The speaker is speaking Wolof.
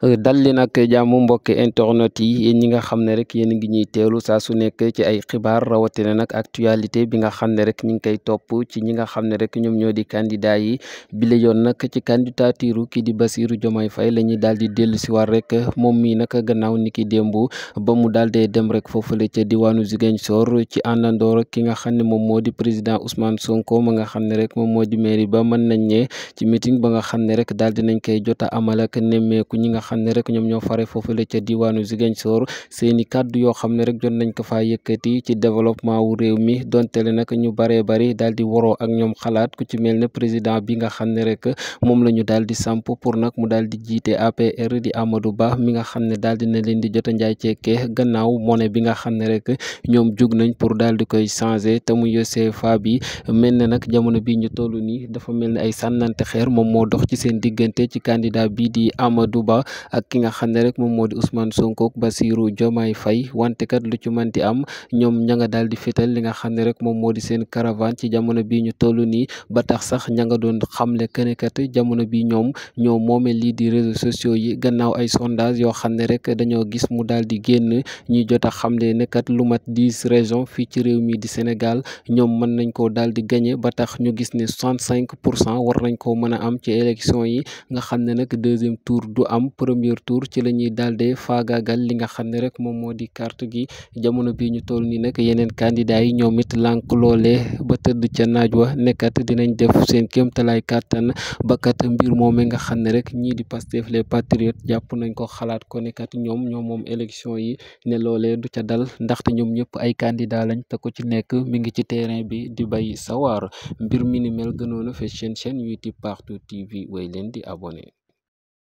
dal li nag jàmm mbokk internet yi ñi nga xam ne rek yéen ngi ñuy teelu saa su nekk ci ay xibaar rawatina nag actualité bi nga xam ne rek ñu ngi koy topp ci ñi nga xam ne rek ñoom ñoo di candidat yi bile yoon nag ci candidature kii di Bassirou Diomaye fay la ñuy daal di dellu si war rek moom mii nag gannaaw ni ki démb ba mu daal di dem rek foofule ca diwaanu Ziguinchor ci àndandoor ki nga xam ne moom moo di président Ousmane Sonko ma nga xam ne rek moom moo di mairie ba mën nañ ne ci mitin ba nga xam ne rek daal di koy jot amal ak ñi nga xam ne rek ñoom ñoo fare foofu la ca diwaanu Ziguinchor seeni kàddu yoo xam ne rek jot nañ ko faa yëkkati ci développement wu réew mi donte le nag ñu baree bari daal di waroo ak ñoom xalaat ku ci mel ne président bi nga xam ne rek moom la ñu daal di samp pour nag mu daal di jiite APR di amadu Ba mi nga xam ne daal di na leen di jot a njaay ceekee gannaaw monnaie bi nga xam ne rek ñoom jug nañ pour daal di koy changer te mu yosee fa bi mel ne nag jamono bi ñu toll nii dafa mel ne ay sànnante xeer moom moo dox ci ak ki nga xam ne rek moom moo di Ousmane Sonko Bassirou Diomaye Faye wante lu ci manti am ñoom ña nga daal di fétal li nga xam ne rek moom moo di seen caravane ci jamono bii ñu toll nii ba tax sax ña nga doon xamle kene kat jamono bi ñoom ñoo moome lii di réseaux sociaux yi gannaaw ay sondage yoo xam ne rek dañoo gis mu daal di génn ñi jot a xamle ne kat lu mat dix régions fii ci réew mi di Sénégal ñoom mën nañ ko dal di gagné ba tax ñu gis ne soixante cinq pour cent war nañ koo mën a am ci élection yi nga xam ne nag deuxième tour du am premier tour ci la ñuy daal di faagaagal li nga xam ne rek moom moo di kart gi jamono bii ñu toll nii nag yeneen kandidaa yi ñoom it lànk loolee ba tëdd ca naaj wa nekkat dinañ def seen kéemtalaay kàttan bakkat mbir moomee nga xam ne rek ñii di Pastef les patriotes jàpp nañ ko xalaat ko nekkat ñoom ñoo moom élection yi ne loole du ca dal ndaxte ñoom ñëpp ay kandidaa lañ te ko ci nekk mu ngi ci terrain bi di bay sawar mbir mi ni mel gënoon a fës seen chaîne YouTube leen di abonné